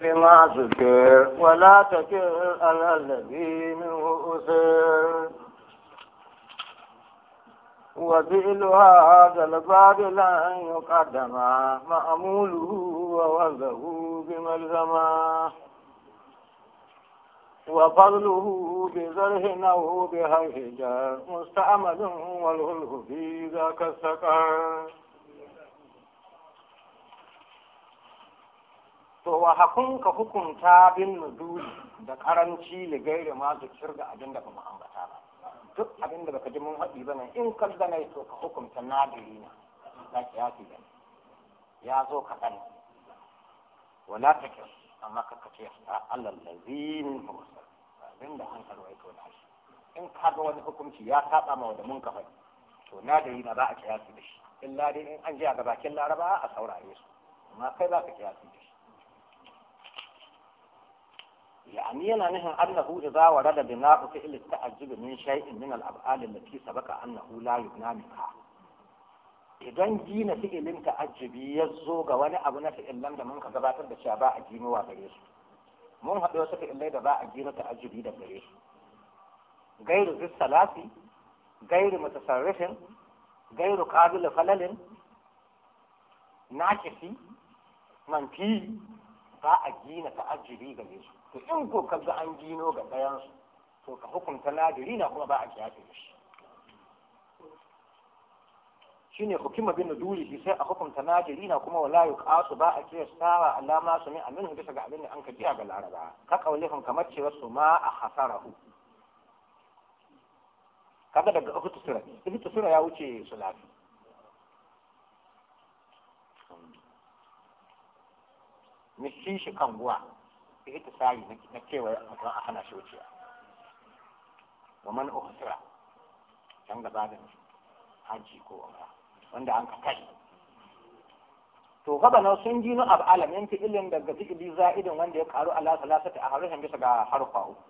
بما ذكر ولا تكر على الذي منه أسر وفعلها كالباب لن يقدم مأموله ووزه بملزما وفضله بزره نو بهيجر مستعمل والغله في ذاك السكر to wa hakun ka hukunta bin nuzuli da karanci da gairi ma zikir da abin da bamu ambata ba duk abin da baka ji mun haɗi ba nan in kan da to ka hukunta nadiri na za ki yafi da ya zo ka ɗan wala ta kyau amma ka kace Allah lazim mursal abin da an ko da shi in ka ga wani hukunci ya saba ma wanda mun ka faɗi to nadiri na za a kiyasi da shi in dai in an ji a gabakin laraba a saurare su amma kai za ka kiyasi da shi يعني أنا نهن أنه إذا ورد بناء فعل التعجب من شيء من الأفعال التي سبق أنه لا يبنى منها idan gina fi'ilin ta'ajjubi ya zo ga wani abu na fi'ilan da mun ka gabatar da cewa ba a ginowa gare su mun haɗu wasu fi'ilai da za a gina ta'ajjubi da gare su gairu zis salasi gairu mutasarrifin gairu qabil falalin nakisi manfi za a gina ajiri ga su to in ko ka ga an gino ga ɗayansu to ka hukunta ladiri na kuma ba a kiyaye shi shine hukuma bin bi sai a hukunta ladiri na kuma wala yuqasu ba a kiyaye sawa alama su ne aminu bisa ga abin da an ka kiya ga laraba ka kaulihun kamar cewa su ma a hu kaga daga ikhtisara sura ya wuce sulafi mishin shi kan guwa ita sari na cewa a hana shi wuciya wa man uhsira can gaba da haji ko umra wanda an ka kai to gaba na sun gino ab alam yan ilin daga fi'ili za'idin wanda ya karu ala salasati a harshen bisa ga harfa uku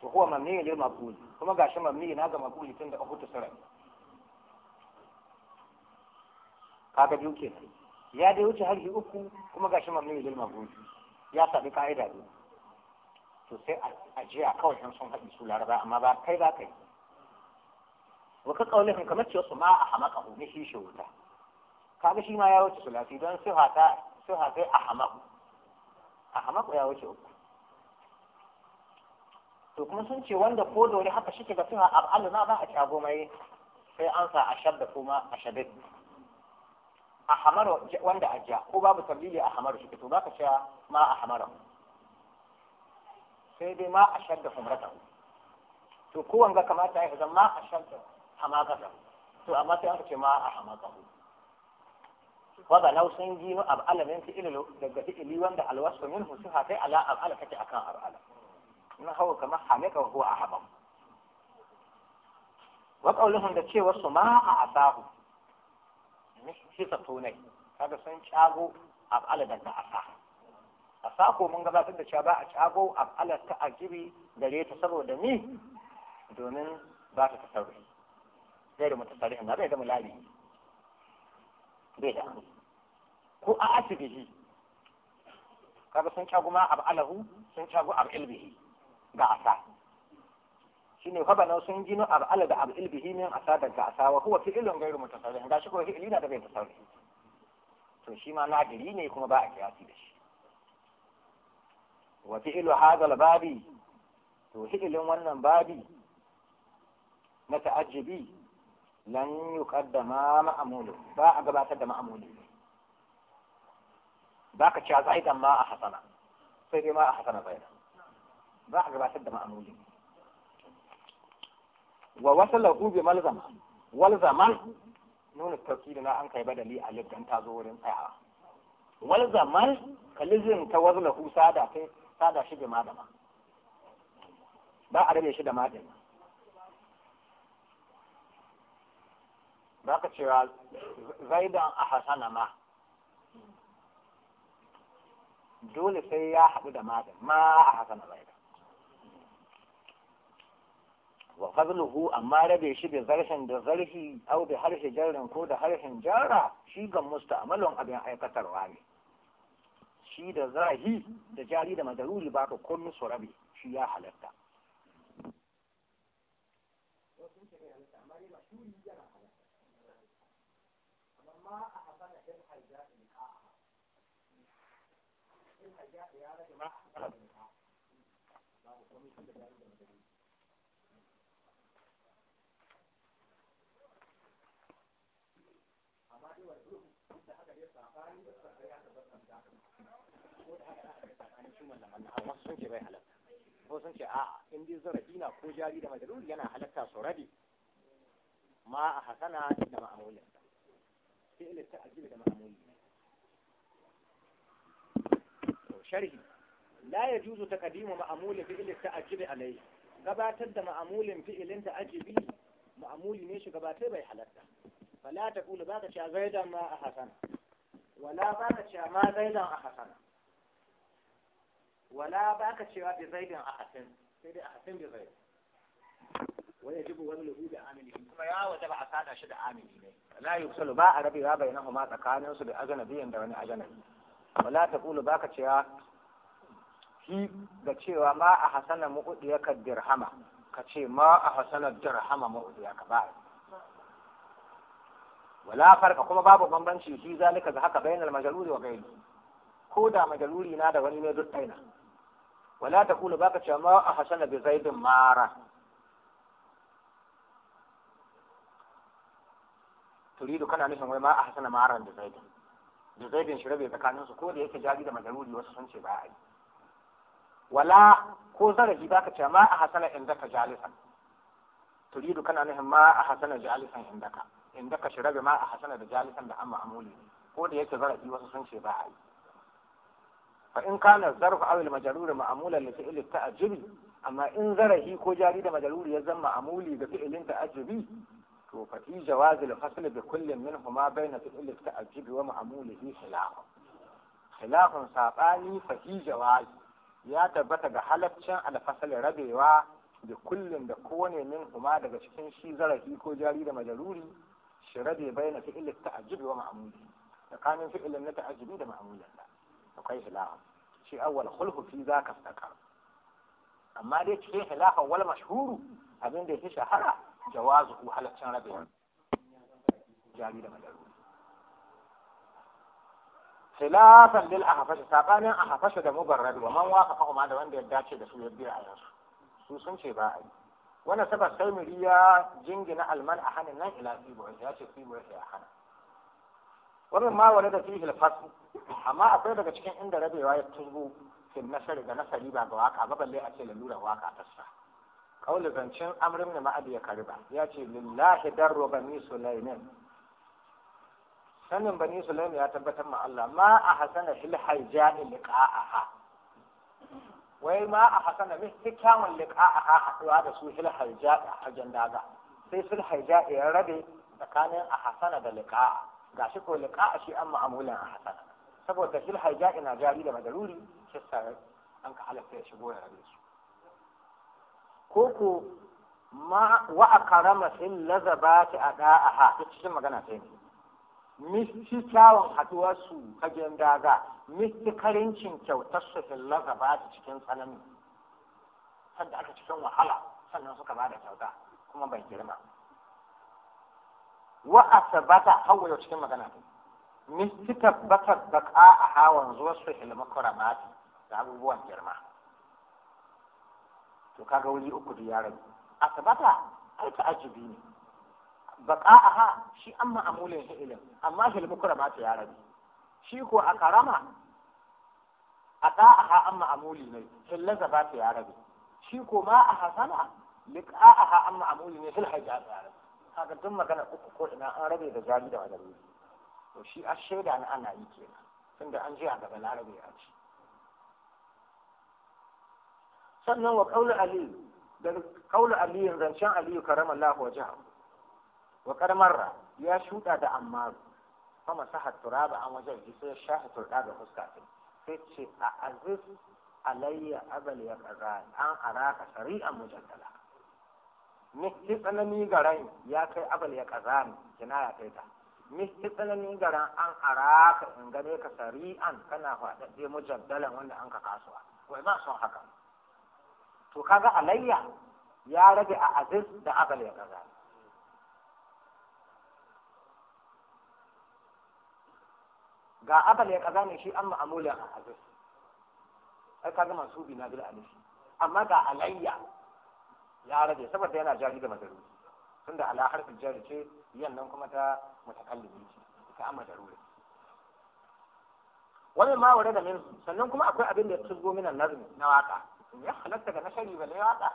to huwa mamni lil maqbul kuma gashi mamni na ga maqbuli tunda uku ta sarai kaga biyu kenan ya dai wuce harshe uku kuma gashi mamnu lil mafhum ya sabi ka'ida ne to sai a a kawai in sun haɗi su laraba amma ba kai ba kai wa ka ƙaunin kamar ce su ma a hamaka hu shi shi wuta kaga shi ma ya wuce lafi don su ta sai a hamaku a hamaku ya wuce uku to kuma sun ce wanda ko da wani haka shi ke ga suna ab'alu na ba a ci a sai an sa a shabda kuma a shabda a wanda a ja ko babu tabbili a shi to ka sha ma a sai dai ma a shadda humrata to ko wanga kamata ya zama ma a shadda hamakata to amma sai aka ce ma a hamakata wada nau sun gino ab'ala min fi'il daga fi'ili wanda alwasu minhu sifa sai ala ab'ala kake akan ala na hawa kamar hamika a ahabam wa qawluhum da cewa su ma a asahu kisa tonai kaga sun cago af'ala daga asa asa ko mun gabatar da cewa ba a cago af'ala ta ajibi gare ta saboda ni domin ba ta tasarrufi zai da mu mutasarrifin na bai zama labi bai da ko a asibihi kaga sun cago ma af'alahu sun cago af'ilbihi ga asa shine fa bana sun gino ab'ala da ab'il ilbihi min asadan ka asawa huwa fi ghayru ghairu mutasarrif shi ko fi'li ilina da bai tasarrufi to shi ma na nadiri ne kuma ba a kiyasi da shi wa fi ilu hadha al-babi to ilin wannan babi na ta'ajjubi lan yuqaddama ma'amulu ba a gabatar da ma'amulu ba ka ci a zaidan ma a hasana sai dai ma a hasana bayan ba a gabatar da ma'amulu wa mal bi wal zaman nuna tafsiri na an kai badali a lidan ta zo wurin tsayawa zaman kalizin ta hu sada ta sada shi bi madama ba a rabe shi da madama ba ka cewa zaidan a hasana ma dole sai ya haɗu da madama ma a hasana zaidan wa fadluhu amma rabe shi bi zarshen da zarhi au bi harshe ko da harshen jarra shi ga musta'malun abin aikatarwa ne shi da zahi da jari da madaruri baka kullu su rabe shi ya halatta Thank you. malaman har masu sun ce bai halatta ko sun ce a'a in dai zarafi na ko jari da majalul yana halatta su rabi ma a hasana da ma'amulin sai ilista ajibi da ma'amuli sharhi la yajuzu taqdimu ma'amulin fi ilista ajibi alayhi gabatar da ma'amulin fi'ilin ta ajibi ma'amuli ne shi gabatar bai halatta fala taqulu baka cha zaidan ma a hasana wala baka cha ma zaidan a hasana wala ba ka cewa bi zaidin a hasin sai dai a hasin bi zaidin wani jibu wani lubu da amini kuma ya waje ba a sada shi da amini ne la yusulu ba a rabewa bainahuma tsakanin su da ajanabiyan da wani ajanabi wala ta kulu ba ka cewa shi da cewa ma a hasana mu'udiyaka dirhama ka ce ma a hasana dirhama mu'udiyaka ba wala farka kuma babu bambanci shi zalika ga haka bainal majaluri wa gairi ko da majaluri na da wani ne duk ɗaina wala ta kula baka cewa ma a hasana bi zaidin mara turidu kana nufin wai ma a hasana mara da zaidin da zaidin shi rabe tsakanin su ko da yake jabi da majaruri wasu sun ce ba a yi wala ko zarafi baka cewa ma a hasana inda ka jalisan turidu kana nufin ma a hasana jalisan indaka indaka shi rabe ma a hasana da jalisan da amma amuli ko da yake zarafi wasu sun ce ba a yi fa in kana zarfu aw al majrur ma'mulan li amma in zarahi ko jari da ya zama ma'muli ga fi'lin ta'jibi to fa fi jawaz al fasl bi kullin minhuma bayna fi'l ta'jibi wa ma'mulihi khilaf khilaf sabani fa fi jawaz ya tabbata ga halaccin al fasl rabewa da kullum da kowane min kuma daga cikin shi zarafi ko jari da majaruri shi rabe bayyana fi'ilin ta'ajjubi wa ma'amuli tsakanin fi'ilin na ta'ajjubi da ma'amulan akwai hilafa shi awwal khulhu fi zaka saka amma dai cikin hilafa wal mashhuru abin da yake shahara jawazu ku halaccin rabin jari da madaru khilafan lil ahfash sabanin ahfash da mubarrad wa man fa kuma da wanda ya dace da su ya biya yansu su sun ce ba a yi wannan sabab sai ya jingina alman a hannun nan ila sibu ya ce sibu ya hana wannan ma wani da fihil fasu amma akwai daga cikin inda rabewa ya turbo fil nasari da nasari ba ga waka ba balle a ce lalura waka ta sa kaulin zancen amrin ne ma'adi ya kariba ya ce lillahi darro bani sulaimin sanin bani sulaimin ya tabbatar ma Allah ma a hasana fil hajja'i liqa'aha wai ma a hasana min hikamun liqa'aha haduwa da su fil hajja'i a daga sai fil hajja'i ya rabe tsakanin a hasana da liqa'a gashi ko liqa shi amma amulan hasana saboda fil haija ina jari da madaruri shi sa an ka halatta ya shigo ya rabe su ko ko ma wa akarama fil lazabati adaaha ta cikin magana sai ne misti kyawun haduwa su kagen daga misti karincin kyautar su fil lazabati cikin tsanani sadda aka cikin wahala sannan suka bada kyauta kuma bai girma wa asbata hawa cikin magana ta misti tabbatar da a hawan zuwa su ilmi kuramati da abubuwan girma to kaga wuri uku da ya rage asbata ai ta ajibi ne baqa'aha shi an ma'amulin ilm amma hilmu kuramati ya rabi shi ko a karama a ɗa'aha an ma'amuli ne hillaza ba ta ya rabi shi ko ma a hasana liqa'aha an ma'amuli ne hilhaja ya rabi kaga duk magana uku ko ina an rabe da jari da wadari to shi a shaida na ana yi kenan tunda an je a gaba larabe a ci sannan wa kaulu rancen da kaulu aliyu zancen aliyu karamallahu wajahu wa karmarra ya shuɗa da amma kuma turaba an wajen ji sai shahi turɗa da fuska sai ce a aziz alayya abal ya kaza an araka shari'an mujallala misti tsanani garan ya kai abal ya kazani kina ya kai ta misti tsanani garan an araka in gane ka sari'an kana faɗaɗe mujaddalan wanda an ka kasuwa wai ba son haka to kaga alayya ya rage a aziz da abal ya kazani ga abal ya kazani shi an ma'amulin a aziz ai kaga masu mansubi na bil alif amma ga alayya ya rage saboda yana jari da madaruri tunda ala harfin jari ce yannan kuma ta mutakallimi ce ita amma daruri wani ma wurin da minhu sannan kuma akwai abin da ya tuzgo minan nazmi na waka ya halatta da nashari ba lai waka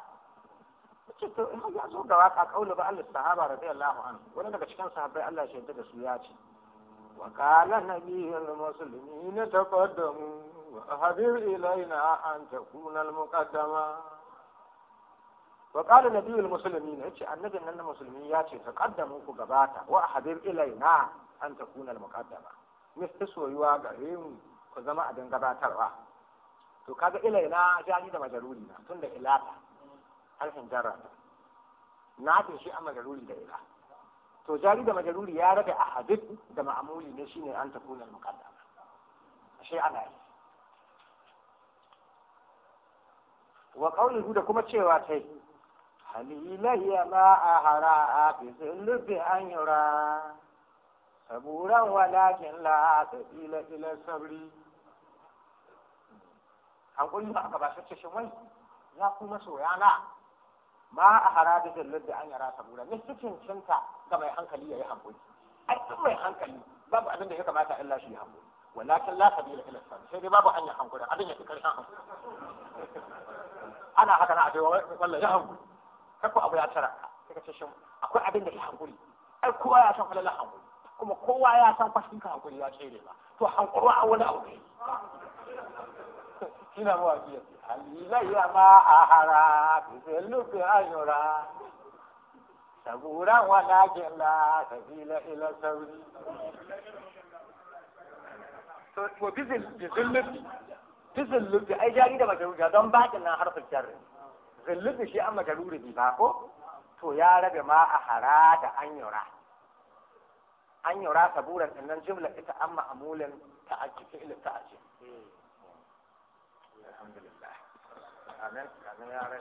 ce to in ya zo ga waka kaulu ba Allah sahaba radiyallahu anhu wani daga cikin sahabbai Allah ya yarda da su ya ce wa qala nabiyul muslimin tafaddamu wa hadir ilaina an takuna al muqaddama wa qala nabiyul muslimin yace annabin nan na musulmi ya ce taqaddamu ku gabata wa ahdir ilaina an takuna al muqaddama mista soyuwa gare mu ku zama abin gabatarwa to kaga ilaina jani da majaruri na tunda ilata harfin jarra na ce shi a majaruri da ila to jari da majaruri ya rabe ahadith da ma'amuli ne shine an takuna al muqaddama ashe ana yi wa qawluhu da kuma cewa sai. halilayya ma a hara fi sullufi an yura saburan walakin la ta ila ila sabri hankuli ba aka ba shi ce wai ya kuma soyana ma a hara da sullufi an yura saburan ne cikin cinta ga mai hankali ya yi hankuli a cikin mai hankali babu abin da ya kamata illa shi hankuli walakin la sabila ila sabri sai dai babu hanyar hankuri abin ya fi karshen hankuri ana haka na a cewa wallahi hankuli. ko abu ya tara ka sai ka ce shin akwai abin da ya hankuri ai kowa ya san falalar hankuri kuma kowa ya san fashin ka hankuri ya tsere ba to hankuri a wani abu ne kina mawa biya alila ya ma ahara hara bisai lufi ayura saburan wa ɗakin la sabila ila sauri to bizin lufi bizin lufi ai jari da majaruja don bakin nan harfin jarri zullubi shi an majaruri ba ko to ya rabe ma a hara da an yura an yura saburan sannan jumla ita amma an ma'amulin ta'ajji fi'il eh alhamdulillah amin amin ya